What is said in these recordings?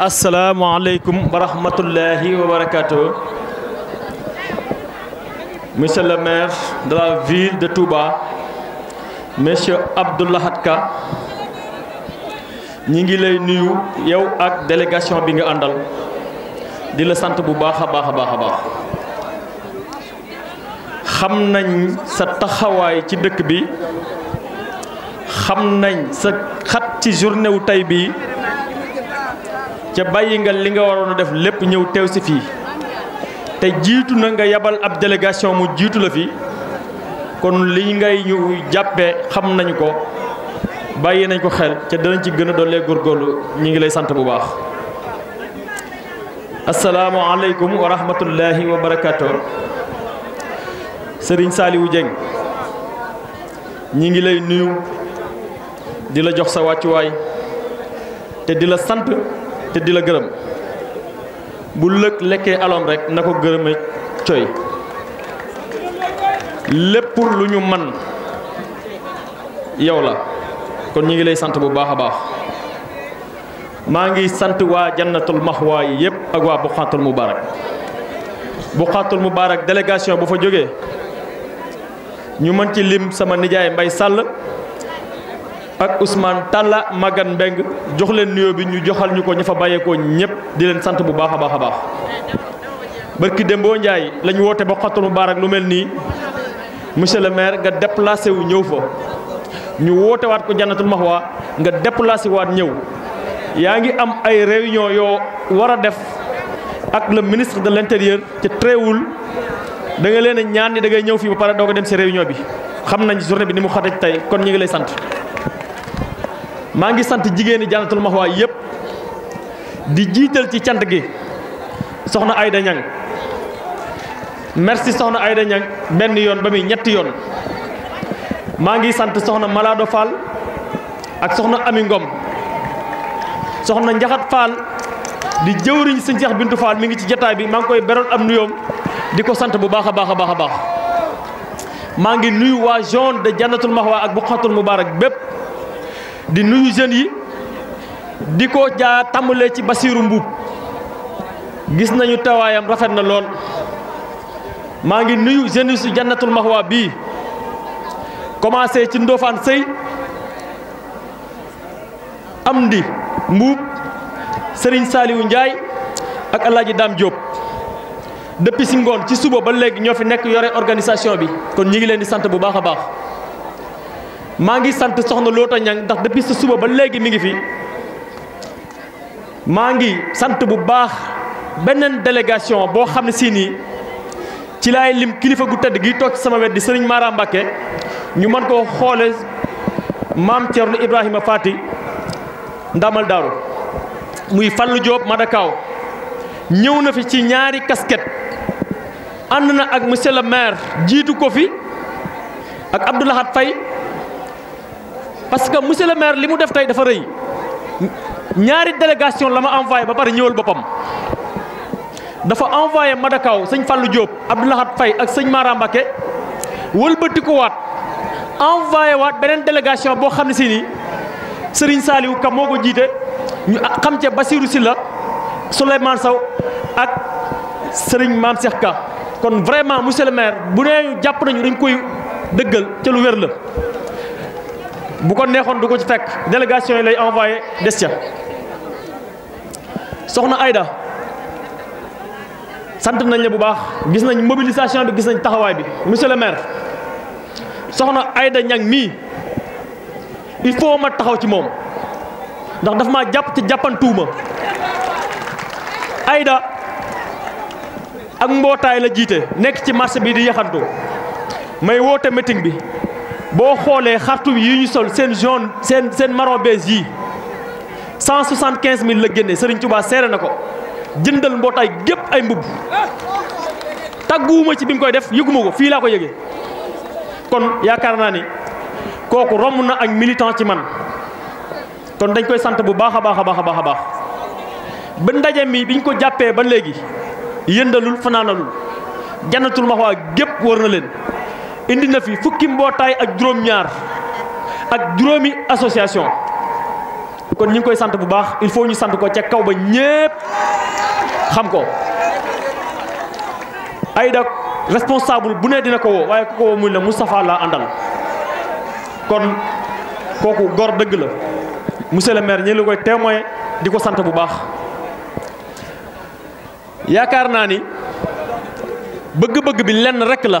asalaamaaleykum wa rahmatullahi wa barakaatu. monsieur le maire de la ville de Touba monsieur Abdou Lahad Ka ñi ngi lay nuyu yow ak délégation bi nga àndal di la sant bu baax a baax a baax a baax xam nañ sa taxawaay ci dëkk bi xam nañ sa xat ci journée wu tey bi ca bàyyi nga li nga waroon a def lépp ñëw teew si fii te jiitu na nga yabal ab délégation mu jiitu la fi kon li ngay ñu jàppe xam nañu ko bàyyi nañ ko xel ca danañ ci gën a doole góorgóorlu ñu ngi lay sant bu baax. asalaamaaleykum wa rahmatullahi wa barakaatu Serigne Saliou Dieng ñi ngi lay nuyu di la jox sa wàccuwaay te di la sant. te di la gërëm bu lëg lekkee aloom rek na ko gërëme coy lépp lu ñu man yow la kon ñu ngi lay sant bu baax a baax maa ngi sant waa janatul maxwaa yi yépp ak waa buqaatul mubaarak buqaatul mubaarak délégation bu fa jógee ñu mën ci lim sama nijaay mbay sàll ak Ousmane Talla Magane Mbeng jox leen nuyoo bi ñu joxal ñu ko ña fa bàyyeekoo ñëpp di leen sant bu baax a baax a baax barki Dembo Ndiaye lañu woote ba xottu Mubaarak lu mel nii monsieur le maire nga déplacé wu ñëw fa ñu woote waat ko Jannatul Mahwa nga déplacé waat ñëw yaa ngi am ay réunion yoo war a def ak la ministre de l'intérieur ci tréewul da nga leen ñaan ni da ngay ñëw fii ba pare doo ko dem si réunion bi xam nañ journée bi ni mu xatee tey kon ñu ngi lay sant. maa ngi sant jigéeni jannatul mahwa yépp di jiital ci cant gi soxna Ayda Ñang merci soxna Ayda Ñang benn yoon ba muy ñetti yoon sant soxna Malado Fall ak soxna Ami Ngom soxna Njaxat Fall di jeuwriñ sëñ Cheikh bintou Fall mi ngi ci jotaay bi maa ngi koy beral am nuyom di sant bu baakha a baakha baax nuyu wa de jannatul mahwa ak bu mubarak mubaarak di nuyu jeunes yi di ja jaa ci Basiiru Mbuub gis nañu tawayam rafet na lol ma ngi nuyu jeunesse su jannatul mahwa bi commencé ci Ndofane Sey Amdi mbub Serigne Saliou ndjay ak Alaaji dam Diop depuis si ci suba ba léegi ñofi nek yoré organisation bi kon ñi ngi leen di sante bu baaxa baax maa ngi sant soxna Loota Ñang ndax depuis sa suba ba léegi mi ngi fi maa ngi sant bu baax beneen délégation boo xam ne si nii ci lay lim kilifa gu tedd gi toog ci sama wet di sëriñ Mara Mbàkke ñu mën koo xoole maam Thierno Ibrahima Fati ndamal daaru muy Fallu Joob Madakaw ñëw na fi ci ñaari kasket ànd na ak monsieur le maire jiitu ko fi ak Abdoulahat Faye parce que monsieur le maire li mu def tey dafa rëy ñaari délégation la ma envoyé ba pare ñëwal boppam dafa envoyé Madakaw sëñ Fallou Diop Abdoulahat Faye ak sëñ Mara Mbacké wëlbatikuwaat envoyé waat beneen délégation boo xam ne si nii Serigne Saliou ko jiite ñu xam ca Basirou Sylla Souleymane Sow ak Serigne Mame Cheikh Ka kon vraiment monsieur le maire bu nee jàpp nañu dañ koy dëggal ca lu wér la. bu ko neexoon du ko ci fekk délégation yi lay envoyé des ca soxna ayda sant nañ la bu baax gis nañ mobilisation bi gis nañ taxawaay bi monsieur le maire soxna ayda Niang mii il faut ma taxaw ci moom ndax daf maa jàpp ci jàppantuuma ayda ak mbootaay la jiite nekk ci marché bi di yaxantu may woote meeting bi. boo xoolee xartu yi ñu sol seen jaune seen seen marron beige yi cent soixante quinze mille la génnee Serigne Touba seere na ko jëndal mbootaay gépp ay mbubb tagguwuma ci bi mu koy def yëguma ko fii laa ko yëgee kon yaakaar naa ni kooku romb na ak militant ci man kon dañ koy sant bu baax a baax a baax a baax a baax ba ndaje mi biñ ko jàppee ba léegi yëndalul fanaanalul jannatul maxwaa gépp wër na leen indi na fi fukki mbootaay ak juróom-ñaar ak juróomi association kon ñu koy sant bu baax il faut ñu sant ko ca kaw ba ñépp xam ko Aida responsable bu ne dina ko woo waaye ku ko woo muy la Moustapha laa àndal kon kooku gor dëgg la monsieur le maire ñi la koy témoin di ko sant bu baax yaakaar naa ni bëgg-bëgg bi lenn rekk la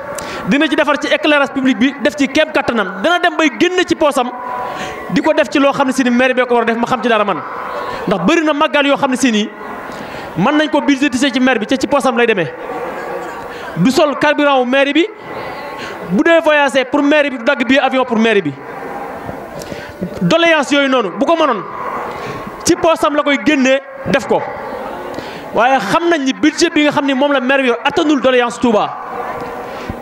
dina ci défar ci éclairage public bi def ci kéem katanam dana dem bay génn ci posam di def ci lo xamni sini ni maire bee ko war def ma xam ci dara man ndax bari na magal yo xamni ne si nii nañ ko budgétiser ci maire bi ca ci posam lay démé du sol carburant wu maire bi bu dé voyager pour maire bi dag bi avion pour maire bi doléance yoy noonu bu ko mënoon ci posam la koy génnee def ko waye xamnañ ni budget bi nga xamni mom la maire bi atanul doléance Touba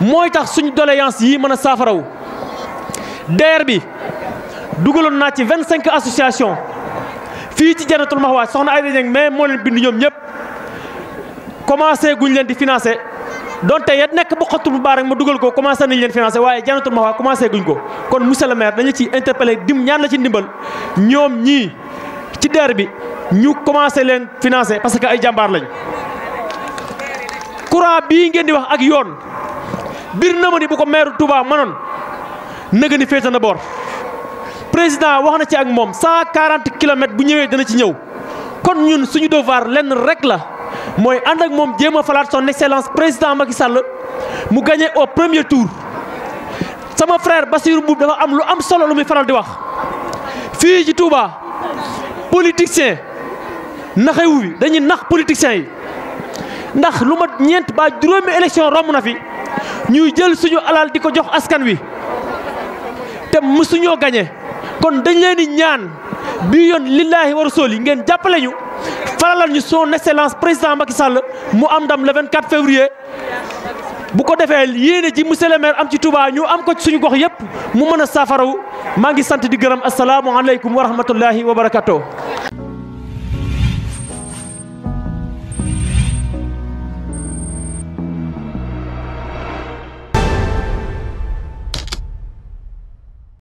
mooy tax suñu doléance yii mën a saafarawu DER bi dugaloon naa ci vingt cinq association fii ci janatul Jannatul waa soxna Ayda Dieng mais moo leen bind ñoom ñëpp commencé guñ leen di financé donte ya nekk bu xottu mu baax ma dugal ko commencé nañ leen financé waaye Jannatul Mahwa commencé guñ ko kon monsieur le maire dañu ci interpellé dim ñaan la ci ndimbal ñoom ñii ci DER bi ñu commencé leen financé parce que ay jàmbaar lañ courant bii ngeen di wax ak yoon bir na ma ni bu ko maire Touba ma nëga ni féete na boor président wax na ci ak moom cent quarante kilomètres bu ñëwee dana ci ñëw kon ñun suñu devoir lenn rek la mooy ànd ak moom jéem a falaat son excellence président Macky Sall mu gagné au premier tour sama frère Bassirou Mboup dafa am lu am solo lu muy faral di wax fii ci Touba politicien naxewu bi dañuy nax politicien yi ndax lu ma ñeent ba juróomi élection romb na fi ñuy jël suñu alal di ko jox askan wi te mësuñoo gañe kon dañ leen di ñaan bii yoon lillaahi wa yi ngeen jàppale ñu faralal ñu son excellence président Macky Sall mu am ndam le 24 février bu ko defee yéene ji monsieur le maire am ci Touba ñu am ko ci suñu gox yëpp mu mën a saafarawu maa ngi sant di gërëm asalaamualeykum wa rahmatullahi wa barakato.